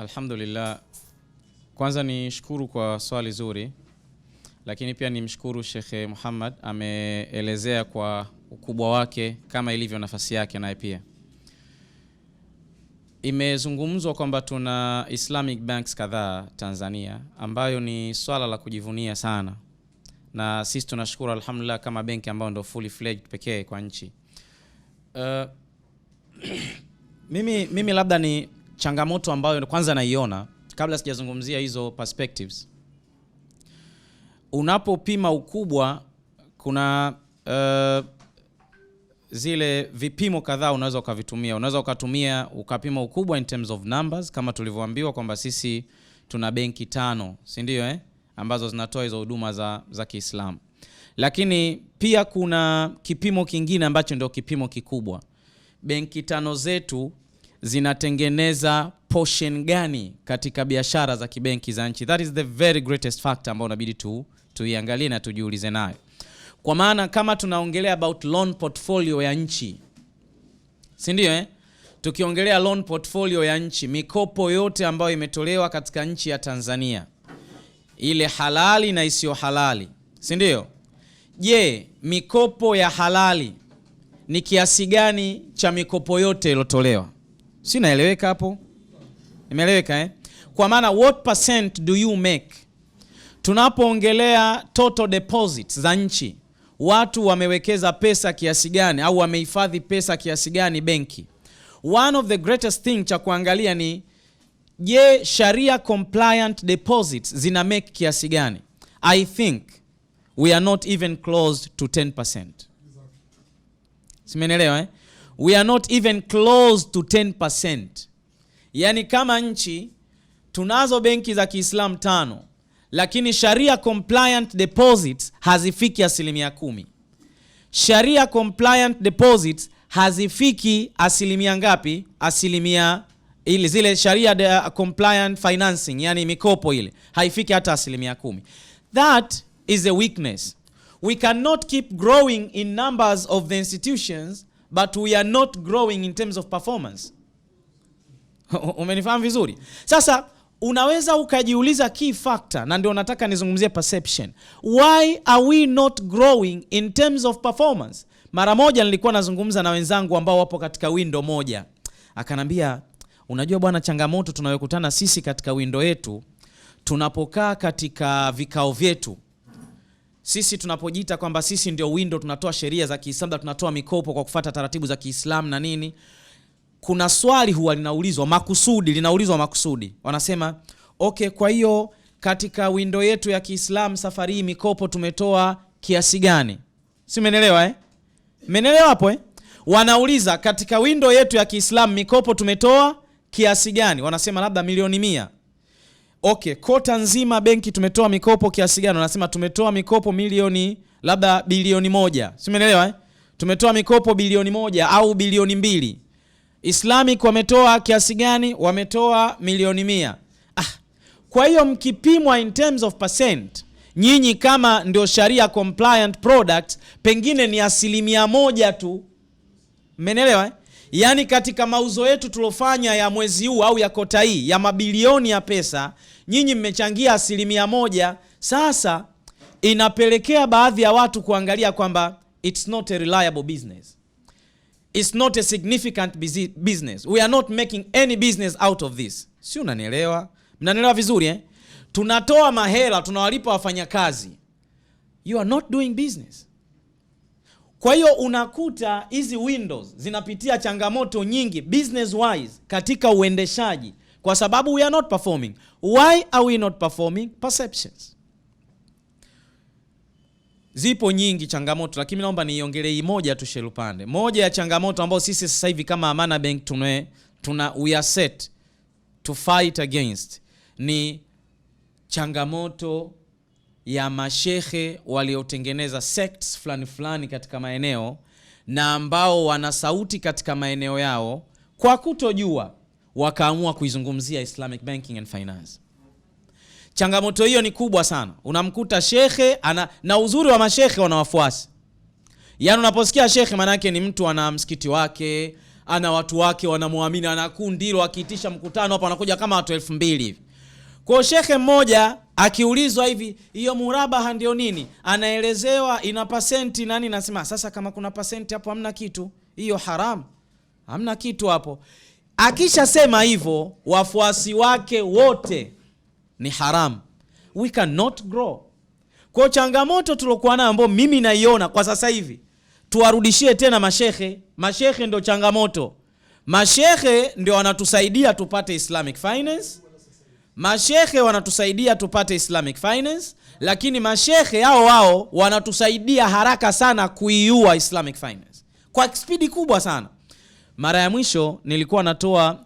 Alhamdulillah, kwanza ni shukuru kwa swali zuri, lakini pia nimshukuru Shekhe Muhammad ameelezea kwa ukubwa wake kama ilivyo nafasi yake. Naye pia imezungumzwa kwamba tuna Islamic banks kadhaa Tanzania, ambayo ni swala la kujivunia sana, na sisi tunashukuru alhamdulillah kama benki ambayo ndio fully fledged pekee kwa nchi uh, mimi, mimi labda ni changamoto ambayo kwanza naiona kabla sijazungumzia hizo perspectives, unapopima ukubwa kuna uh, zile vipimo kadhaa unaweza ukavitumia. Unaweza ukatumia ukapima ukubwa in terms of numbers, kama tulivyoambiwa kwamba sisi tuna benki tano, si ndio eh? ambazo zinatoa hizo huduma za, za Kiislamu, lakini pia kuna kipimo kingine ambacho ndio kipimo kikubwa. Benki tano zetu zinatengeneza portion gani katika biashara za kibenki za nchi. That is the very greatest factor ambayo inabidi tu tuiangalie na tujiulize nayo, kwa maana kama tunaongelea about loan portfolio ya nchi, si ndio eh? Tukiongelea loan portfolio ya nchi, mikopo yote ambayo imetolewa katika nchi ya Tanzania, ile halali na isiyo halali, si ndio? Je, mikopo ya halali ni kiasi gani cha mikopo yote iliyotolewa? Si naeleweka hapo? Nimeeleweka eh? Kwa maana what percent do you make? Tunapoongelea total deposits za nchi, watu wamewekeza pesa kiasi gani au wamehifadhi pesa kiasi gani benki? One of the greatest thing cha kuangalia ni je, sharia compliant deposits zina make kiasi gani? I think we are not even close to 10%. Simenelewa eh? we are not even close to 10%. Yaani kama nchi tunazo benki za Kiislamu tano, lakini sharia compliant deposits hazifiki asilimia kumi. Sharia compliant deposits hazifiki asilimia ngapi? Asilimia ile zile sharia de uh, compliant financing, yani mikopo ile haifiki hata asilimia kumi. That is a weakness. We cannot keep growing in numbers of the institutions but we are not growing in terms of performance. Umenifahamu vizuri? Sasa unaweza ukajiuliza key factor, na ndio nataka nizungumzie perception. Why are we not growing in terms of performance? Mara moja nilikuwa nazungumza na wenzangu ambao wapo katika window moja, akanambia unajua bwana, changamoto tunayokutana sisi katika window yetu tunapokaa katika vikao vyetu sisi tunapojiita kwamba sisi ndio window, tunatoa sheria za Kiislamu, tunatoa mikopo kwa kufata taratibu za Kiislamu na nini, kuna swali huwa linaulizwa makusudi, linaulizwa makusudi, wanasema okay, kwa hiyo katika window yetu ya Kiislamu safari hii mikopo tumetoa kiasi gani? Si umeelewa eh? hapo eh? Wanauliza katika window yetu ya Kiislamu mikopo tumetoa kiasi gani? Wanasema labda milioni mia Okay, kota nzima benki tumetoa mikopo kiasi gani? Anasema tumetoa mikopo milioni labda bilioni moja, si eh? Tumetoa mikopo bilioni moja au bilioni mbili. Islamic wametoa kiasi gani? Wametoa milioni mia. Ah, kwa hiyo mkipimwa in terms of percent nyinyi kama ndio sharia compliant product pengine ni asilimia moja tu, mmenielewa eh? Yaani katika mauzo yetu tuliofanya ya mwezi huu au ya kota hii ya mabilioni ya pesa nyinyi mmechangia asilimia moja. Sasa inapelekea baadhi ya watu kuangalia kwamba it's not a reliable business, it's not a significant business, we are not making any business out of this. Si unanielewa? Mnanielewa vizuri eh? Tunatoa mahela tunawalipa wafanyakazi, you are not doing business. Kwa hiyo unakuta hizi windows zinapitia changamoto nyingi business wise katika uendeshaji kwa sababu we are not performing. Why are we not performing? Perceptions. Zipo nyingi changamoto, lakini naomba niiongelee hii moja tu Sherupande. Moja ya changamoto ambayo sisi sasa hivi kama Amana Bank tuna, tuna we are set to fight against ni changamoto ya mashehe waliotengeneza sects fulani fulani katika maeneo na ambao wana sauti katika maeneo yao kwa kutojua wakaamua kuizungumzia Islamic Banking and Finance. Changamoto hiyo ni kubwa sana, unamkuta shekhe ana, na uzuri wa mashekhe wana wafuasi, yaani unaposikia shekhe maanake ni mtu ana msikiti wake ana watu wake wanamwamini, ana kundi hilo, akiitisha mkutano hapa anakuja kama watu elfu mbili hivi. Kwa shekhe mmoja akiulizwa hivi, hiyo murabaha ndio nini, anaelezewa ina pasenti nani, nasema sasa, kama kuna pasenti hapo hamna kitu, hiyo haramu, hamna kitu hapo. Akishasema hivyo, wafuasi wake wote ni haramu, we cannot grow. Kwa changamoto tuliokuwa nayo ambayo mimi naiona kwa sasa hivi, tuwarudishie tena mashehe. Mashehe ndio changamoto, mashehe ndio wanatusaidia tupate Islamic finance, mashehe wanatusaidia tupate Islamic finance, lakini mashehe hao wao wanatusaidia haraka sana kuiua Islamic finance kwa spidi kubwa sana. Mara ya mwisho nilikuwa natoa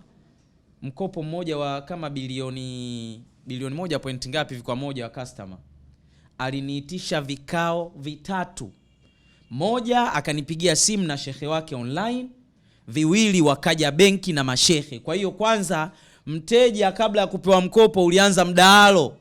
mkopo mmoja wa kama bilioni bilioni moja point ngapi kwa moja wa customer. Aliniitisha vikao vitatu. Moja akanipigia simu na shehe wake online, viwili wakaja benki na mashehe. Kwa hiyo kwanza, mteja kabla ya kupewa mkopo ulianza mdahalo.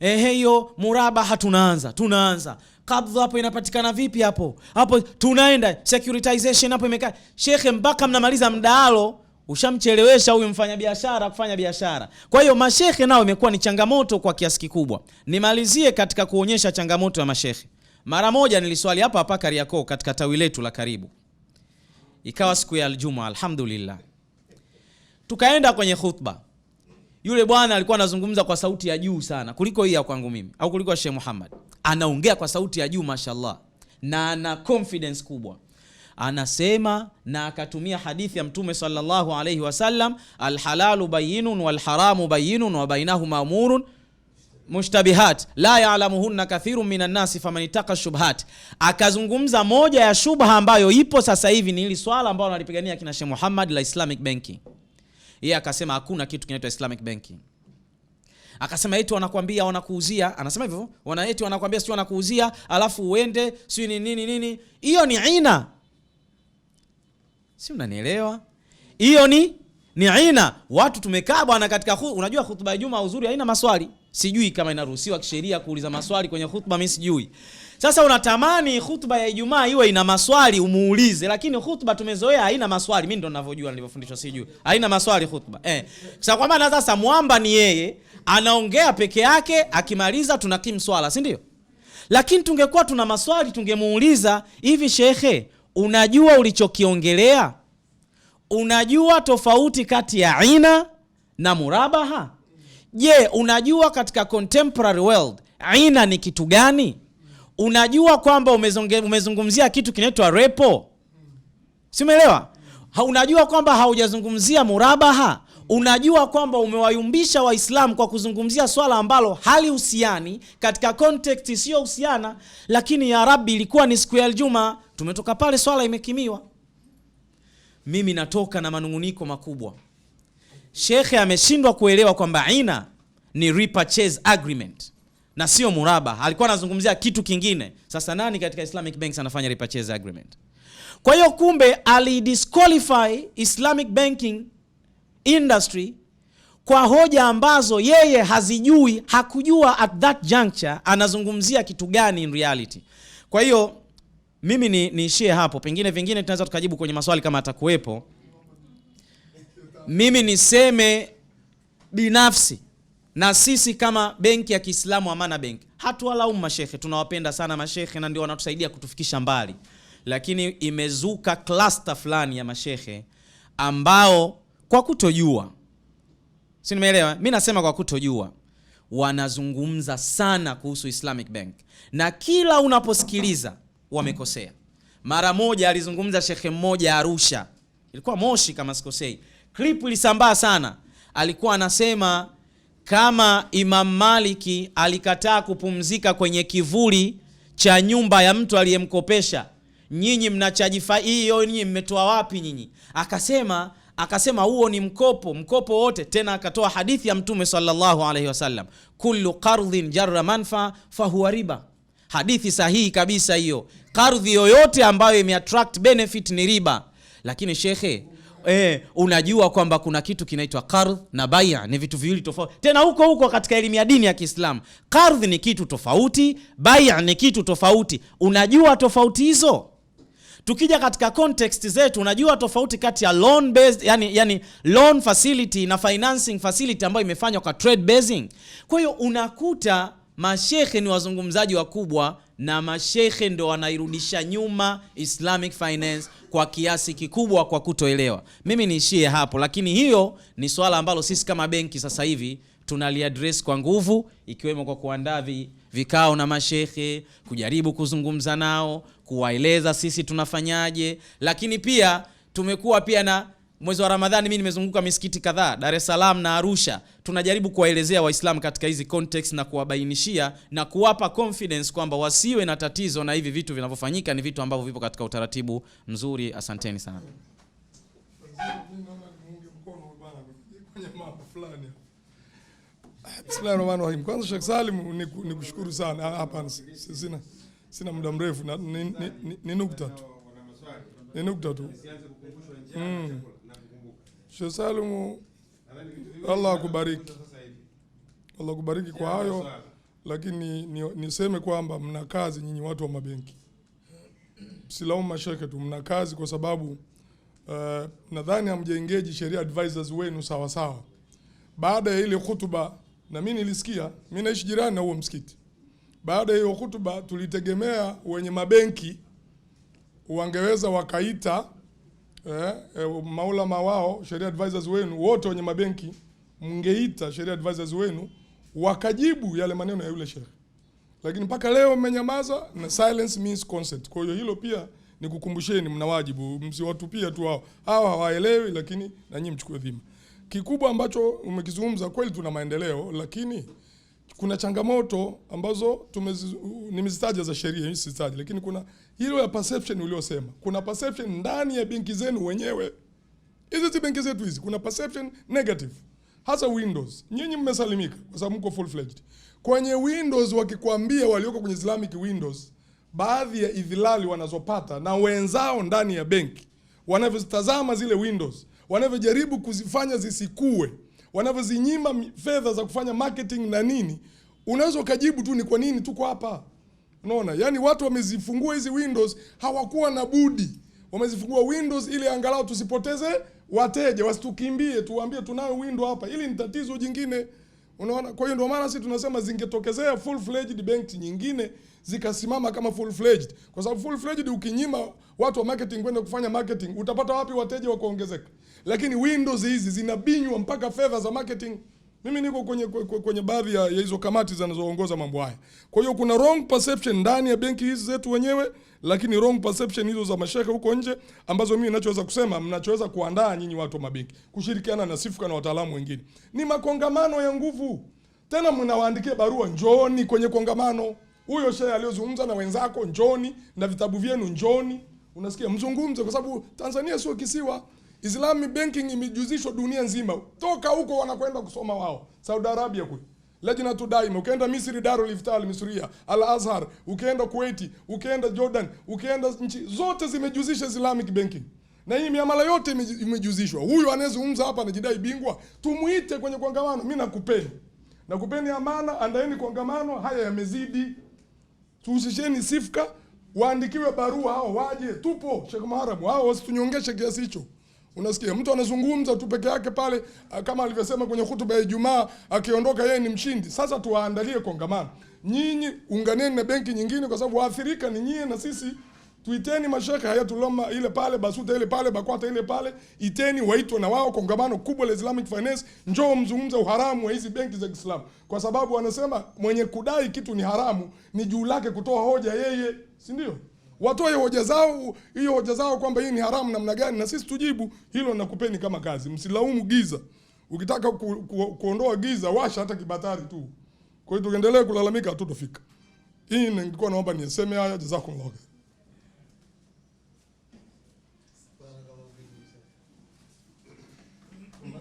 Ehe, hiyo murabaha tunaanza tunaanza Kabdha hapo inapatikana vipi? Hapo hapo tunaenda securitization, hapo imekaa shekhe, mpaka mnamaliza mdaalo ushamchelewesha huyu mfanyabiashara kufanya biashara. Kwa hiyo mashekhe nao imekuwa ni changamoto kwa kiasi kikubwa. Nimalizie katika kuonyesha changamoto ya mashekhe. Mara moja niliswali hapa hapa kariako katika tawi letu la karibu, ikawa siku ya Ijumaa, alhamdulillah, tukaenda kwenye khutba. Yule bwana alikuwa anazungumza kwa sauti ya juu sana kuliko hii ya kwangu mimi au kuliko shehe Muhammad anaongea kwa sauti ya juu mashallah, na ana confidence kubwa anasema na akatumia hadithi ya Mtume sallallahu alayhi wasallam, alhalalu bayinun walharamu bayinun wa bainahuma umurun mushtabihat la ya'lamuhunna kathirun minan nasi faman ittaqa shubhat. Akazungumza moja ya shubha ambayo ipo sasa hivi ni hili swala ambayo analipigania kina Sheikh Muhammad la Islamic banking. Yeye akasema hakuna kitu kinaitwa Islamic banking. Akasema eti wanakuambia wanakuuzia, anasema hivyo, wana eti wanakuambia sio wanakuuzia, alafu uende sio ni nini nini. Hiyo ni ina, si unanielewa? Hiyo ni ni aina watu tumekaa bwana katika khu, unajua hutuba ya Juma uzuri haina maswali. Sijui kama inaruhusiwa kisheria kuuliza maswali kwenye hutuba, mimi sijui. Sasa unatamani hutuba ya Ijumaa iwe ina maswali umuulize, lakini hutuba tumezoea haina maswali. Mimi ndo ninavyojua nilivyofundishwa, sijui. Haina maswali hutuba. Eh. Sasa kwa maana sasa mwamba ni yeye anaongea peke yake, akimaliza tunakimu swala, si ndio? Lakini tungekuwa tuna maswali tungemuuliza hivi, shekhe, unajua ulichokiongelea? Unajua tofauti kati ya aina na murabaha? Je, unajua katika contemporary world aina ni kitu gani? Unajua kwamba umezungumzia kitu kinaitwa repo, si umeelewa? Unajua kwamba haujazungumzia murabaha unajua kwamba umewayumbisha Waislamu kwa kuzungumzia swala ambalo halihusiani katika context husiana lakini ya Rabbi, ilikuwa ni siku ya Ijumaa, tumetoka pale, swala imekimiwa. Mimi natoka na manunguniko makubwa. Shekhe ameshindwa kuelewa kwamba aina ni repurchase agreement na sio muraba. Alikuwa anazungumzia kitu kingine. Sasa nani katika Islamic banks anafanya repurchase agreement? Kwa hiyo kumbe alidisqualify Islamic banking industry kwa hoja ambazo yeye hazijui, hakujua at that juncture anazungumzia kitu gani in reality. Kwa hiyo mimi ni niishie hapo, pengine vingine tunaweza tukajibu kwenye maswali kama atakuwepo. Mimi niseme binafsi na sisi kama benki ya Kiislamu Amana Bank hatuwalaumu mashehe, tunawapenda sana mashehe na ndio wanatusaidia kutufikisha mbali, lakini imezuka cluster fulani ya mashehe ambao kwa kutojua, si nimeelewa? Mimi nasema kwa kutojua, wanazungumza sana kuhusu Islamic Bank na kila unaposikiliza wamekosea. Mara moja alizungumza shekhe mmoja Arusha, ilikuwa Moshi kama sikosei, clip ilisambaa sana. Alikuwa anasema kama Imam Maliki alikataa kupumzika kwenye kivuli cha nyumba ya mtu aliyemkopesha, nyinyi mnachajifa hiyo, nyinyi mmetoa wapi nyinyi? Akasema akasema huo ni mkopo, mkopo wote. Tena akatoa hadithi ya Mtume sallallahu alaihi wasallam, kullu qardhin jarra manfa fahuwa riba. Hadithi sahihi kabisa hiyo, qardhi yoyote ambayo imeattract benefit ni riba. Lakini shekhe Eh, unajua kwamba kuna kitu kinaitwa qardh na bai'a ni vitu viwili tofauti. Tena huko huko katika elimu ya dini ya Kiislamu, qardh ni kitu tofauti, bai'a ni kitu tofauti. Unajua tofauti hizo? Tukija katika context zetu, unajua tofauti kati ya loan based, yani, yani loan facility na financing facility ambayo imefanywa kwa trade basing. Kwa hiyo unakuta mashehe ni wazungumzaji wakubwa na mashehe ndo wanairudisha nyuma Islamic finance kwa kiasi kikubwa kwa kutoelewa. Mimi niishie hapo, lakini hiyo ni swala ambalo sisi kama benki sasa hivi tunaliaddress kwa nguvu, ikiwemo kwa kuandaa vikao na mashehe, kujaribu kuzungumza nao, kuwaeleza sisi tunafanyaje. Lakini pia tumekuwa pia na mwezi wa Ramadhani, mimi nimezunguka misikiti kadhaa Dar es Salaam na Arusha, tunajaribu kuwaelezea Waislamu katika hizi context na kuwabainishia na kuwapa confidence kwamba wasiwe na tatizo na hivi vitu vinavyofanyika, ni vitu ambavyo vipo katika utaratibu mzuri. Asanteni sana. Bismillahi rahmani rahim. Kwanza Sheikh Salim ni sana. Hapana, sina sina muda mrefu, ni nukta tu, ni nukta tu. Hmm. Sheikh Salim, Allah akubariki, Allah akubariki kwa hayo, lakini niseme kwamba mna kazi nyinyi watu wa mabenki, silaumu mashekhe tu, mna kazi kwa sababu eh, nadhani hamjengeji sheria advisors wenu sawasawa. Baada ya ile khutuba na mimi nilisikia, mimi naishi jirani na huo msikiti. Baada ya hiyo hutuba, tulitegemea wenye mabenki wangeweza wakaita eh, eh, maulama wao sheria advisors wenu wote wenye mabenki mngeita sheria advisors wenu wakajibu yale maneno ya yule shekhe, lakini mpaka leo mmenyamaza, na silence means consent. Kwa hiyo hilo pia nikukumbusheni, mna wajibu, msiwatupia tu hao hawa hawaelewi, lakini na nyinyi mchukue dhima kikubwa ambacho umekizungumza kweli, tuna maendeleo lakini kuna changamoto ambazo nimezitaja za sheria hii sitaji, lakini kuna hilo ya perception uliosema. Kuna perception ndani ya benki zenu wenyewe, hizi si benki zetu hizi. Kuna perception negative, hasa Windows. Nyinyi mmesalimika kwa sababu mko full fledged kwenye Windows. Wakikwambia walioko kwenye Islamic Windows, baadhi ya idhilali wanazopata na wenzao ndani ya benki wanavyozitazama zile Windows wanavyojaribu kuzifanya zisikue, wanavyozinyima fedha za kufanya marketing na nini, unaweza ukajibu tu ni kwa nini tuko hapa. Unaona, yani watu wamezifungua hizi windows, hawakuwa na budi, wamezifungua windows ili angalau tusipoteze wateja, wasitukimbie, tuwaambie tunayo window hapa. Hili ni tatizo jingine. Unaona, kwa hiyo ndio maana sisi tunasema zingetokezea full fledged bank nyingine zikasimama kama full fledged, kwa sababu full fledged ukinyima watu wa marketing kwenda kufanya marketing, utapata wapi wateja wa kuongezeka? Lakini windows hizi zinabinywa mpaka fedha za marketing. Mimi niko kwenye kwenye baadhi ya hizo kamati zinazoongoza mambo haya. Kwa hiyo kuna wrong perception ndani ya benki hizi zetu wenyewe lakini wrong perception hizo za mashehe huko nje, ambazo mimi ninachoweza kusema mnachoweza kuandaa nyinyi watu wa mabenki kushirikiana na Sifuka na wataalamu wengine ni makongamano ya nguvu. Tena mnawaandikia barua, njoni kwenye kongamano, huyo shehe aliyozungumza na wenzako njoni na vitabu vyenu njoni unasikia, mzungumze, kwa sababu Tanzania sio kisiwa. Islamic banking imejuzishwa dunia nzima, toka huko wanakwenda kusoma wao Saudi Arabia kule tu Daima, ukaenda Misri, Darul Ifta Al Misria, Al Azhar, ukaenda Kuwaiti, ukaenda Jordan, ukaenda nchi zote zimejuzisha Islamic banking na hii miamala yote imejuzishwa. Huyu anayezungumza hapa anajidai bingwa, tumuite kwenye kongamano. Mimi nakupeni, nakupeni amana, andaeni kongamano. Haya yamezidi, tuhusisheni sifka, waandikiwe barua hao waje, tupo Sheikh Muharram, hao wasitunyongeshe kiasi hicho. Unasikia mtu anazungumza tu peke yake pale, ah, kama alivyosema kwenye hutuba ya Ijumaa, akiondoka yeye ni mshindi. Sasa tuwaandalie kongamano, nyinyi unganeni na benki nyingine, kwa sababu waathirika ni nyinyi na sisi. Tuiteni mashekhe Hayatul Umma ile pale, Basuta ile pale, Bakwata ile pale, iteni waitwe na wao kongamano kubwa la Islamic Finance, njoo mzungumze uharamu wa hizi benki za Kiislamu, kwa sababu wanasema mwenye kudai kitu ni haramu, ni juu lake kutoa hoja yeye, si ndio? watoe hoja zao, hiyo hoja zao kwamba hii ni haramu namna gani, na sisi tujibu hilo nakupeni kama kazi. Msilaumu giza. Ukitaka ku, ku, kuondoa giza, washa hata kibatari tu. Kwa hiyo tuendelee kulalamika, hatutofika. Hii ningekuwa naomba niseme haya. Jazakumullah. Um,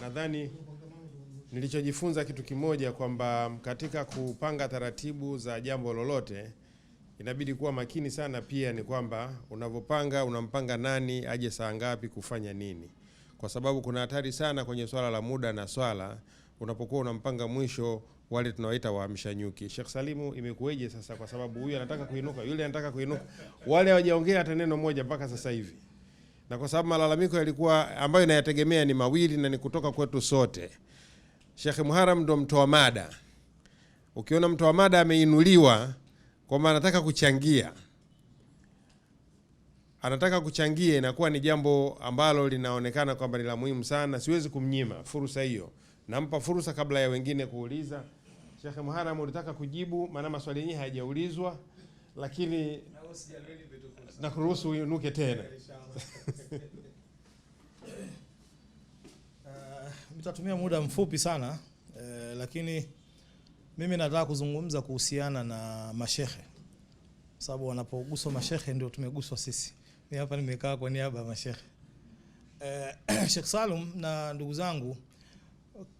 nadhani Nilichojifunza kitu kimoja kwamba katika kupanga taratibu za jambo lolote inabidi kuwa makini sana. Pia ni kwamba unavyopanga, unampanga nani aje saa ngapi kufanya nini, kwa sababu kuna hatari sana kwenye swala la muda na swala unapokuwa unampanga mwisho, wale tunawaita waamsha nyuki. Sheikh Salimu, imekuweje sasa? Kwa sababu huyu anataka kuinuka, yule anataka kuinuka, wale hawajaongea hata neno moja mpaka sasa hivi, na kwa sababu malalamiko yalikuwa ambayo inayategemea ni mawili na ni kutoka kwetu sote. Sheikh Muharam ndo mtoa mada. Ukiona mtoa mada ameinuliwa kwamba anataka kuchangia, anataka kuchangia, inakuwa ni jambo ambalo linaonekana kwamba ni la muhimu sana. Siwezi kumnyima fursa hiyo, nampa fursa kabla ya wengine kuuliza. Sheikh Muharam, ulitaka kujibu, maana maswali yenyewe hayajaulizwa, lakini nakuruhusu uinuke tena tutatumia muda mfupi sana e, lakini mimi nataka kuzungumza kuhusiana na mashehe, sababu wanapoguswa mashehe ndio tumeguswa sisi. Mimi hapa nimekaa kwa niaba ya mashehe e, Sheikh Salum na ndugu zangu,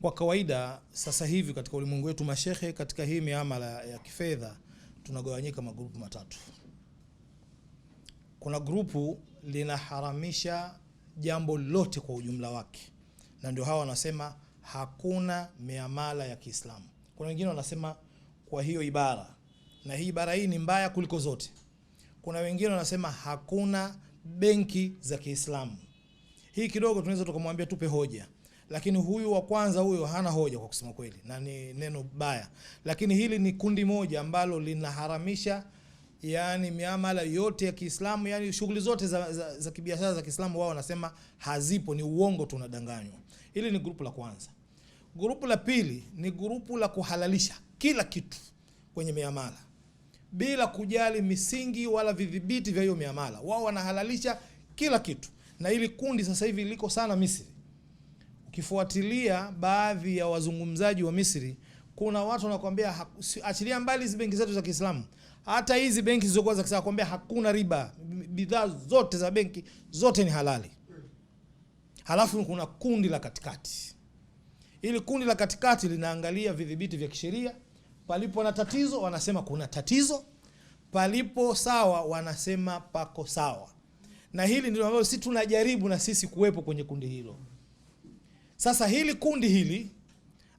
kwa kawaida sasa hivi katika ulimwengu wetu mashehe, katika hii miamala ya kifedha tunagawanyika magrupu matatu. Kuna grupu linaharamisha jambo lote kwa ujumla wake na ndio hawa wanasema hakuna miamala ya Kiislamu. Kuna wengine wanasema kwa hiyo ibara, na hii ibara hii ni mbaya kuliko zote. Kuna wengine wanasema hakuna benki za Kiislamu. Hii kidogo tunaweza tukamwambia tupe hoja, lakini huyu wa kwanza huyo hana hoja kwa kusema kweli, na ni neno baya, lakini hili ni kundi moja ambalo linaharamisha yani miamala yote ya Kiislamu, yani shughuli zote za, za, za kibiashara za Kiislamu wao wanasema hazipo, ni uongo, tunadanganywa. Hili ni grupu la kwanza. Grupu la pili ni grupu la kuhalalisha kila kitu kwenye miamala bila kujali misingi wala vidhibiti vya hiyo miamala, wao wanahalalisha kila kitu, na hili kundi sasa hivi liko sana Misri. Ukifuatilia baadhi ya wazungumzaji wa Misri, kuna watu wanakuambia achilia mbali hizi benki zetu za Kiislamu, hata hizi benki zilizokuwa za kisasa kwambia hakuna riba, bidhaa zote za benki zote ni halali. Halafu kuna kundi la katikati. Ili kundi la katikati linaangalia vidhibiti vya kisheria, palipo na tatizo wanasema kuna tatizo, palipo sawa wanasema pako sawa. Na hili ndilo ambalo sisi tunajaribu na sisi kuwepo kwenye kundi hilo. Sasa hili kundi hili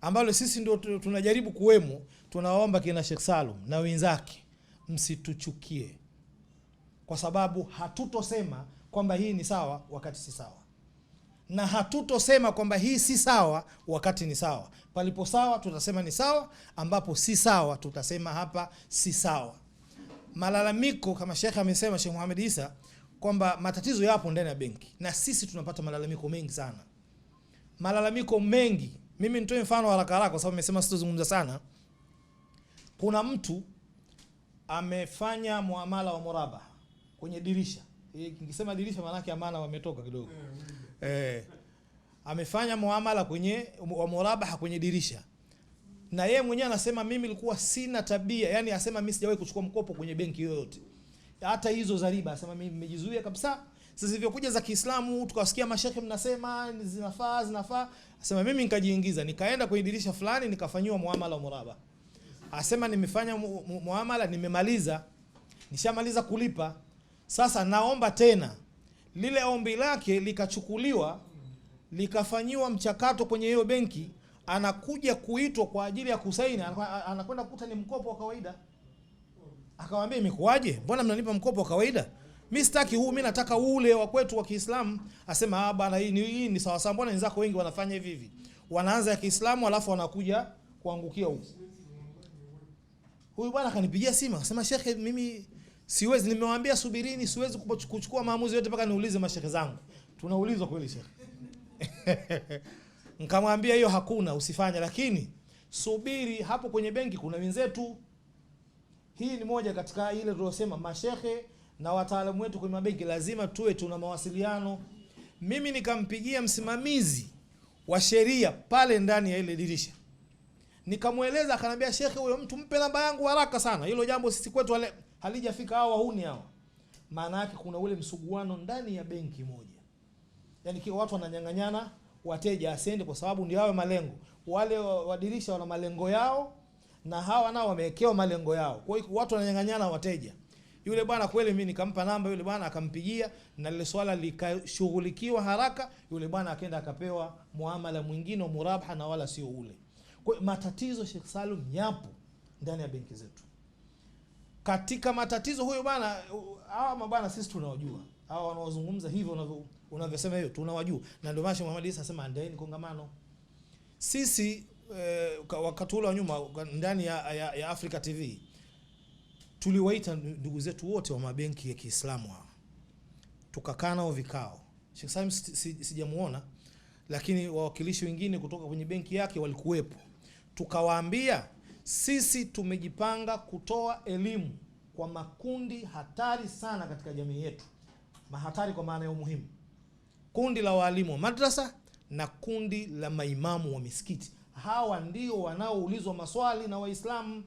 ambalo sisi ndio tunajaribu kuwemo, tunawaomba kina Sheikh Salum na wenzake msituchukie, kwa sababu hatutosema kwamba hii ni sawa wakati si sawa, na hatutosema kwamba hii si sawa wakati ni sawa. Palipo sawa tutasema ni sawa, ambapo si sawa tutasema hapa si sawa. Malalamiko kama shekhe amesema, shekh Muhammad Isa, kwamba matatizo yapo ndani ya benki, na sisi tunapata malalamiko mengi sana, malalamiko mengi. Mimi nitoe mfano haraka haraka, kwa sababu nimesema sitozungumza sana. Kuna mtu amefanya muamala wa moraba kwenye dirisha. Nikisema dirisha maana yake amana wametoka kidogo. Eh, eh, amefanya muamala kwenye wa murabaha kwenye dirisha. Na yeye mwenyewe anasema mimi nilikuwa sina tabia, yani asema mimi sijawahi kuchukua mkopo kwenye benki yoyote. Hata hizo za riba asema mimi nimejizuia kabisa. Sasa zilivyokuja za Kiislamu tukawasikia mashekhe mnasema zinafaa zinafaa. Asema mimi nikajiingiza, nikaenda kwenye dirisha fulani nikafanyiwa muamala wa murabaha asema nimefanya muamala mu, mu, nimemaliza, nishamaliza kulipa. Sasa naomba tena, lile ombi lake likachukuliwa likafanyiwa mchakato kwenye hiyo benki, anakuja kuitwa kwa ajili ya kusaini, anakwenda kukuta ni mkopo wa kawaida. Akamwambia, imekuwaje? Mbona mnalipa mkopo wa kawaida? Mimi sitaki huu, mimi nataka ule wa kwetu wa Kiislamu. Asema ah, bana, hii ni hii ni sawa sawa, mbona wenzako wengi wanafanya hivi hivi, wanaanza ya Kiislamu alafu wanakuja kuangukia huko. Huyu bwana akanipigia simu akasema, shekhe, mimi siwezi, nimewaambia subirini, siwezi kuchukua maamuzi yote mpaka niulize mashekhe zangu. Tunaulizwa kweli shekhe? Nkamwambia hiyo hakuna, usifanye, lakini subiri hapo. Kwenye benki kuna wenzetu. Hii ni moja katika ile tuliosema, mashekhe na wataalamu wetu kwenye mabenki lazima tuwe tuna mawasiliano. Mimi nikampigia msimamizi wa sheria pale ndani ya ile dirisha Nikamweleza akanambia shekhe, huyo mtu mpe namba yangu haraka sana, hilo jambo sisi kwetu halijafika, hao wahuni hao. Maana yake kuna ule msuguano ndani ya benki moja, yani kila watu wananyang'anyana wateja asende, kwa sababu ndio hayo malengo. Wale wadirisha wana malengo yao na hawa nao wamewekewa malengo yao, kwa hiyo watu wananyang'anyana wateja. Yule bwana kweli, mimi nikampa namba yule bwana, akampigia na lile swala likashughulikiwa haraka. Yule bwana akaenda akapewa muamala mwingine wa murabaha na wala sio ule. Kwa matatizo, Sheikh Salum, yapo ndani ya benki zetu. Katika matatizo huyo bwana, hawa mabwana sisi tunawajua hawa wanaozungumza hivyo unavyosema hiyo tunawajua, na ndio maana Muhammad Isa asema andaeni kongamano. Sisi eh, wakati ule wa nyuma ndani ya, ya, ya Africa TV tuliwaita ndugu zetu wote wa mabenki ya Kiislamu hawa tukakaa nao vikao. Sheikh Salim sijamuona, si, si, si lakini wawakilishi wengine kutoka kwenye benki yake walikuwepo tukawaambia sisi tumejipanga kutoa elimu kwa makundi hatari sana katika jamii yetu, mahatari kwa maana ya umuhimu, kundi la waalimu wa madrasa na kundi la maimamu wa misikiti. Hawa ndio wanaoulizwa maswali na Waislamu,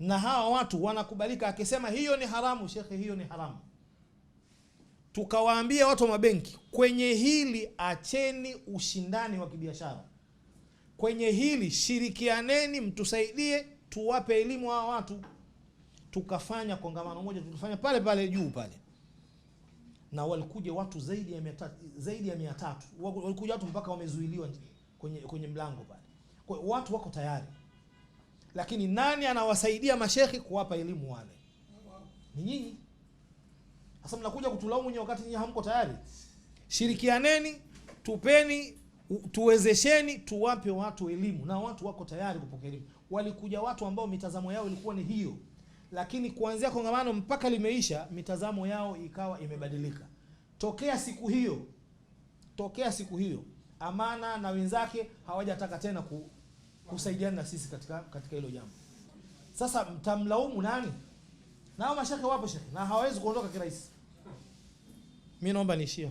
na hawa watu wanakubalika. Akisema hiyo ni haramu, shekhe, hiyo ni haramu. Tukawaambia watu wa mabenki, kwenye hili acheni ushindani wa kibiashara kwenye hili shirikianeni, mtusaidie, tuwape elimu hawa watu. Tukafanya kongamano moja, tulifanya pale pale juu pale, na walikuja watu zaidi ya mia zaidi ya mia tatu walikuja watu mpaka wamezuiliwa kwenye, kwenye mlango pale. Kwa watu wako tayari, lakini nani anawasaidia mashehe kuwapa elimu wale? Ni nyinyi. Sasa mnakuja kutulaumu nyinyi wakati nyinyi hamko tayari. Shirikianeni, tupeni tuwezesheni, tuwape watu elimu, na watu wako tayari kupokea elimu. Walikuja watu ambao mitazamo yao ilikuwa ni hiyo, lakini kuanzia kongamano mpaka limeisha, mitazamo yao ikawa imebadilika. Tokea siku hiyo, tokea siku hiyo, Amana na wenzake hawajataka tena ku, kusaidiana na sisi katika katika hilo jambo. Sasa mtamlaumu nani? Nao mashaka wapo shekhe, na hawawezi kuondoka kirahisi. mi naomba niishie.